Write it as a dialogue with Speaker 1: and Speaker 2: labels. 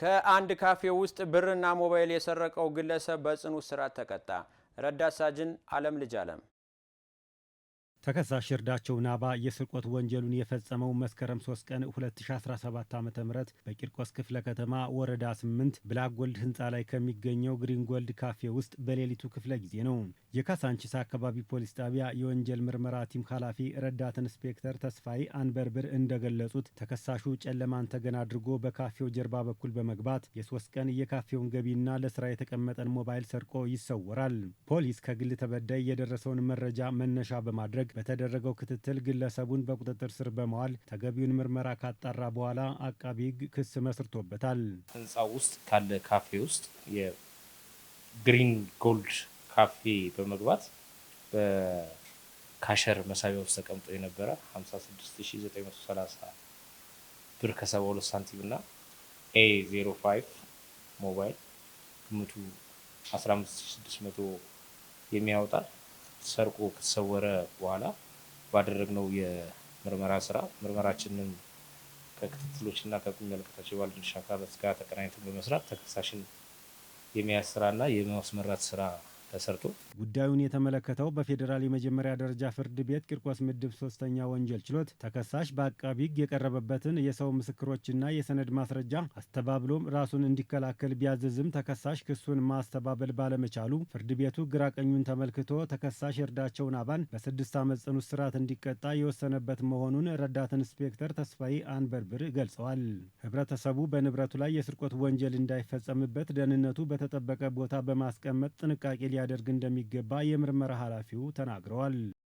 Speaker 1: ከአንድ ካፌ ውስጥ ብርና ሞባይል የሰረቀው ግለሰብ በጽኑ እስራት ተቀጣ። ረዳት ሳጅን አለም ልጅ አለም
Speaker 2: ተከሳሽ እርዳቸው ናባ የስርቆት ወንጀሉን የፈጸመው መስከረም 3 ቀን 2017 ዓ ም በቂርቆስ ክፍለ ከተማ ወረዳ 8 ብላክጎልድ ህንፃ ላይ ከሚገኘው ግሪንጎልድ ካፌ ውስጥ በሌሊቱ ክፍለ ጊዜ ነው። የካሳንቺስ አካባቢ ፖሊስ ጣቢያ የወንጀል ምርመራ ቲም ኃላፊ ረዳት ኢንስፔክተር ተስፋይ አንበርብር እንደገለጹት ተከሳሹ ጨለማን ተገን አድርጎ በካፌው ጀርባ በኩል በመግባት የሶስት ቀን የካፌውን ገቢና ለስራ የተቀመጠን ሞባይል ሰርቆ ይሰወራል። ፖሊስ ከግል ተበዳይ የደረሰውን መረጃ መነሻ በማድረግ በተደረገው ክትትል ግለሰቡን በቁጥጥር ስር በመዋል ተገቢውን ምርመራ ካጣራ በኋላ አቃቢ ሕግ ክስ መስርቶበታል።
Speaker 3: ህንፃ ውስጥ ካለ ካፌ ውስጥ የግሪን ጎልድ ካፌ በመግባት በካሸር መሳቢያ ውስጥ ተቀምጦ የነበረ 56930 ብር ከ72 ሳንቲም እና ኤ 05 ሞባይል ግምቱ 15600 የሚያወጣል ሰርቆ ከተሰወረ በኋላ ባደረግነው የምርመራ ስራ ምርመራችንን ከክትትሎችና ከሚመለከታቸው ባለድርሻ አካላት ጋር ተቀናኝተን በመስራት ተከሳሽን የመያዝ ስራና የማስመራት ስራ ተሰርቶ
Speaker 2: ጉዳዩን የተመለከተው በፌዴራል የመጀመሪያ ደረጃ ፍርድ ቤት ቂርቆስ ምድብ ሶስተኛ ወንጀል ችሎት ተከሳሽ በአቃቢ ሕግ የቀረበበትን የሰው ምስክሮችና የሰነድ ማስረጃ አስተባብሎም ራሱን እንዲከላከል ቢያዘዝም ተከሳሽ ክሱን ማስተባበል ባለመቻሉ ፍርድ ቤቱ ግራቀኙን ተመልክቶ ተከሳሽ እርዳቸውን አባን በስድስት ዓመት ጽኑ እስራት እንዲቀጣ የወሰነበት መሆኑን ረዳት ኢንስፔክተር ተስፋዬ አንበርብር ገልጸዋል። ህብረተሰቡ በንብረቱ ላይ የስርቆት ወንጀል እንዳይፈጸምበት ደህንነቱ በተጠበቀ ቦታ በማስቀመጥ ጥንቃቄ ሊያ ሊያደርግ እንደሚገባ የምርመራ ኃላፊው ተናግረዋል።